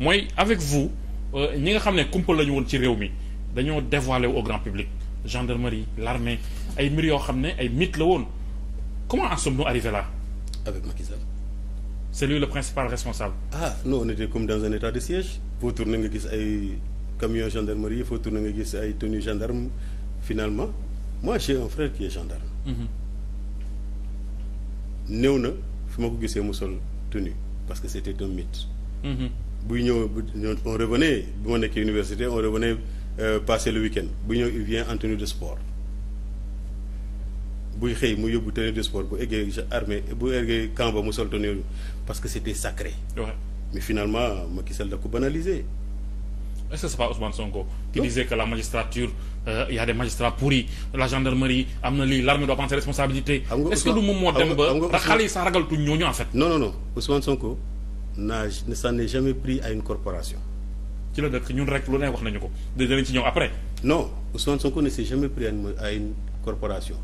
mooy avec vous euh, ñi nga xam ne kumpa la ñu woon ci réew mi dañoo dévoilé au grand public gendarmerie l'armée ay mbir yoo xam ne ay mythe la woon comment en sommes-nous arrivés là. avec Macky Sall. c'est le principal responsable. ah non on était comme dans un état de siège. foo tourné nga gis ay camion gendarmerie foo tourné nga gis ay tenue gendarme finalement moi j'ai un frère qui est gendarme. Mhm. néew na fi ma ko gisee mu sol tenue parce que c'était un mythe. mm buy ñëw on revenait bu ma nekkee université on revenait euh, le week bu ñëw il vient en de sport bu xëy mu yóbbu tenue de sport bu eggee armée bu eggee camp ba mu sol parce que c'était sacré. Ouais. mais finalement Macky Sall da ko banaliser. est-ce que c'est pas Ousmane Sonko. Euh, a des am na est lu moom moo dem ba. xam nga xale yi sax ragaltuñ ñooñu en fait. non non non Ousmane Sonko. n'a ne s'en est jamais pris à une corporation. ci la dëkk ñun rek lu ne wax nañu ko dinañ ci ñëw après. non Ousmane Sonko ne s'est jamais pris à une corporation.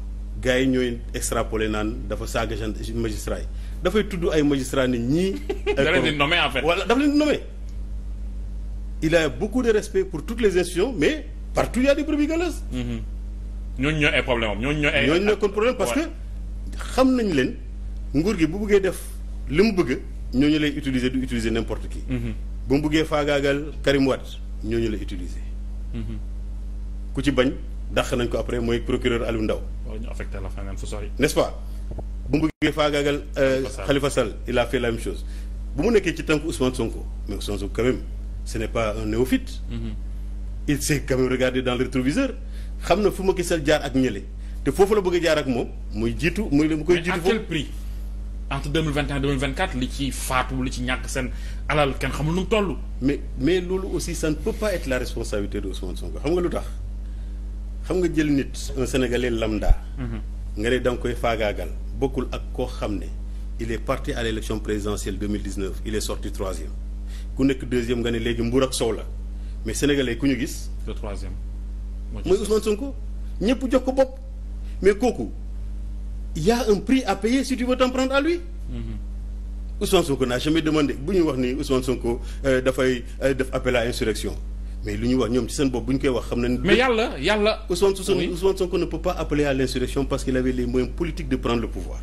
gars yi ñooy extrapolé naan dafa saaga gendarme magistrat yi dafay tudd ay magistrat ne ñii. da leen di nommé en fait. voilà dafa leen di nommé. il a beaucoup de respect pour toutes les institutions mais partout il y a des brebis galeuses. Mm-hmm. ñooñu ñoo ay problème am ñooñu ñoo ay. ñooñu nekkoon problème parce que xam nañ leen nguur gi bu bëggee def li mu bëgg. ñooñu lay utiliser du utiliser n'importe ki mhm. bu mu buggee faagaagal Karim Wade ñooñu lay utiliser. Mhm. ku ci bañ dàq nañ ko après mooy procureur Aliou Ndao ñu affecté la feneen fu sori. n'est-ce pas bu mu buggee faagaagal. Euh, Khalifa la même chose. bu mu nekkee ci tànk Ousmane Sonko mais Ousmane Sonko quand même ce n'est pas un néophyte. Mhm. il s'est quand même dans le rétroviseur xam na fu ma gisal jaar ak ñële te foofu la bëgg a jaar ak moom muy jiitu muy mu koy. jiitu foofu mais à entre deux mille vingt et un deux mille vingt quatre li ci faatu li ci ñàkk seen alal kenn xamul nu mu toll. mais mais loolu aussi ça ne peut pas être la responsabilité de Ousmane Sonko xam nga lu tax xam nga jël nit un sénégalais lambda. Mhm. nga ne da koy faagaagal bokkul ak koo xam ne il est parti à l' élection présidentielle deux mille dix neuf il est sorti troisième ku nekk deuxième nga ne léegi mbuur ak soow la mais sénégalais ku ñu gis. le troisième. mooy Ousmane Sonko ñëpp jox ko bopp mais kooku. il y a un prix à payer si tu veux t'en prendre à lui. Mmh. Sonko n'a jamais demandé bu ñu wax ni Ousmane Sonko euh, dafay euh, def appel à insurrection mais lu ñu wax ñoom ci seen bopp bu ñu koy wax xam nañ. mais yàlla yàlla. Ousmane Sonko Ousmane Sonko ne peut pas appeler à l'insurrection parce qu'il avait les moyens politiques de prendre le pouvoir.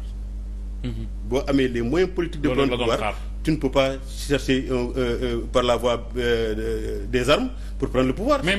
Mm-hmm. boo amee les moyens politiques de prendre le pouvoir tu ne peux pas chercher euh, par la voie des armes pour prendre le pouvoir. mais...